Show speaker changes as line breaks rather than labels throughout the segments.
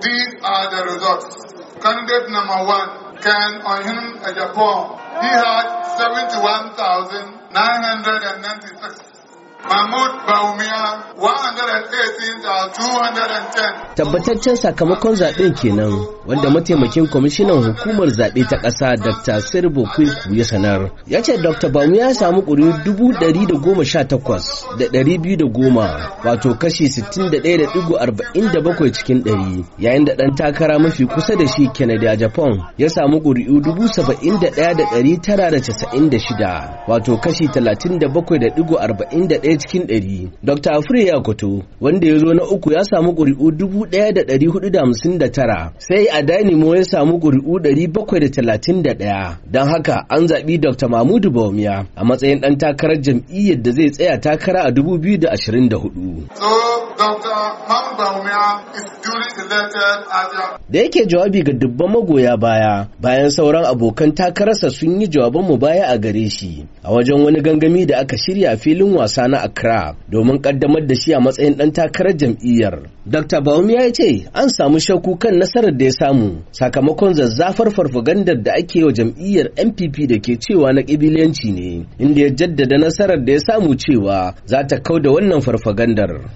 These are the results. Candidate number one, Ken Onhim Ejapong. He had 71,996 Mahmud Baumiya 118,210.
Tabbataccen sakamakon zaɓen kenan wanda mataimakin kwamishinan hukumar zaɓe ta ƙasa Dr. Sirbo Kwiku ya sanar. Ya ce Dr. bamu ya samu ƙuri 118,210 wato kashi 61.47 cikin 100 yayin da ɗan takara mafi kusa da shi Kennedy a Japan ya samu ƙuri'u 71,996 wato kashi 37.41 ɗaya cikin ɗari. Dr. Afure Yakoto wanda ya zo na uku ya samu ƙuri'u dubu ɗaya da ɗari hudu da hamsin da tara sai a Dainimo ya samu ƙuri'u ɗari bakwai da talatin da ɗaya. Don haka an zaɓi Dr. Mahmudu Bawumiya a matsayin ɗan takarar jam'iyyar da zai tsaya takara a dubu biyu da ashirin da hudu.
So, Mahmudu
Da yake jawabi ga dubban magoya baya bayan sauran abokan takararsa sun yi jawaban mu baya a gare shi a wajen wani gangami da aka shirya filin wasa na Accra domin kaddamar da shi a matsayin dan takarar jam'iyyar. Dr. Baumi ya ce an samu shakku kan nasarar da ya samu sakamakon zazzafar farfagandar da ake wa jam'iyyar NPP da ke cewa na ƙibilanci ne inda ya jaddada nasarar da ya samu cewa za ta kau da wannan farfagandar.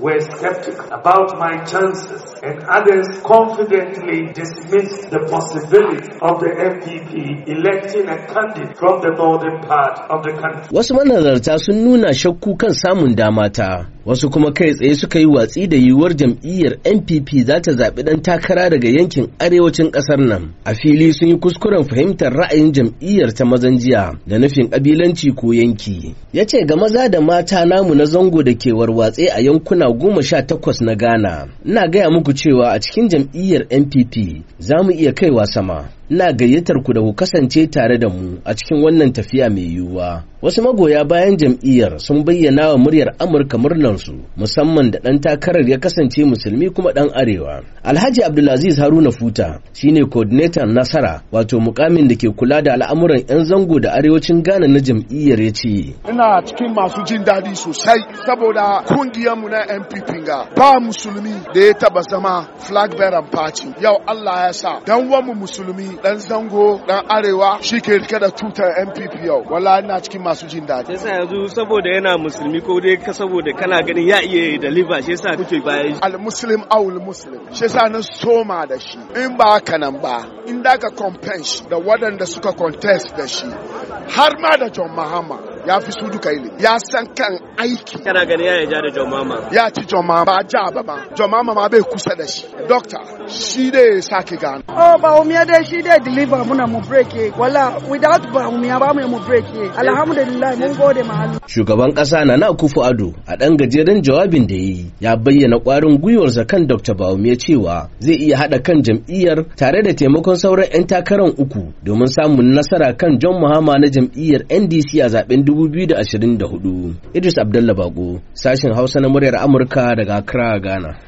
were skeptical about my chances and others confidently dismissed the possibility of the MPP electing a candidate from the northern part of the country. Wasu manazarta sun nuna shakku kan samun dama ta, wasu kuma kai tsaye suka yi watsi da yiwuwar jam'iyyar NPP za ta zaɓi ɗan takara daga yankin arewacin ƙasar nan. A fili sun yi kuskuren fahimtar ra'ayin jam'iyyar ta mazan jiya da nufin ƙabilanci ko yanki. Ya ce ga maza da mata namu na zango da ke warwatse a yankuna goma sha takwas na Ghana. Ina gaya muku cewa a cikin jam'iyyar NPP za mu iya kaiwa sama. ina gayyatar ku da ku kasance tare da mu a cikin wannan tafiya mai yiwuwa. Wasu magoya bayan jam'iyyar sun bayyana wa muryar Amurka murnarsu musamman da ɗan takarar ya kasance musulmi kuma ɗan arewa. Alhaji Abdulaziz Haruna Futa shine coordinator Nasara wato mukamin da ke kula da al'amuran 'yan zango da arewacin Ghana na jam'iyyar ya ce.
Ina cikin masu jin daɗi sosai saboda kungiyarmu na NPP ga ba musulmi da ya taɓa zama flag bearer party yau Allah ya sa dan mu musulmi dan zango dan arewa shi ke rike da tutar NPP yau wala ina cikin masu jin daɗi yasa yanzu
saboda yana musulmi ko dai ka saboda kana ganin ya iya deliver shi yasa kuke bayan al muslim
awul muslim shi yasa na soma da shi in ba haka nan ba in da ka compense da waɗanda suka contest da shi har ma da John Mahama ya fi su duka ile ya
san kan aiki kana gani ya ja da mahama
ya ci mahama ba ja ba ma mahama ma bai kusa da shi doctor shi dai sake gano oh ba umiya dai shi dai deliver muna mu break eh? wala without ba mu um, ya ba mu mu break eh? alhamdulillah mun gode ma Allah
shugaban kasa na na kufu ado a dan gajeren jawabin da yi ya bayyana kwarin gwiwarsa kan Dr. ya cewa zai iya hada kan jam'iyyar tare da taimakon sauran 'yan takarar uku domin samun nasara kan John Mahama na jam'iyyar NDC a zaben 2024 Idris abdullahi Bago sashen Hausa na muryar Amurka daga Accra Ghana